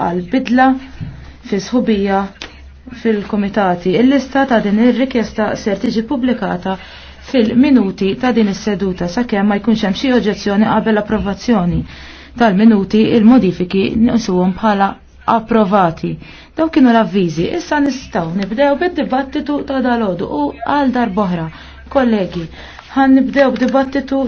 għal bidla fi sħubija fil-komitati. Il-lista ta' din ir-rikjesta ser tiġi pubblikata fil-minuti ta' din is-seduta sakemm ma jkunx hemm xi oġġezzjoni qabel approvazzjoni tal-minuti il-modifiki nisuhom bħala approvati. Daw kienu l-avviżi, issa nistgħu nibdew bid-dibattitu ta' dalodu u għal darboħra. Kollegi, ħan nibdew b'dibattitu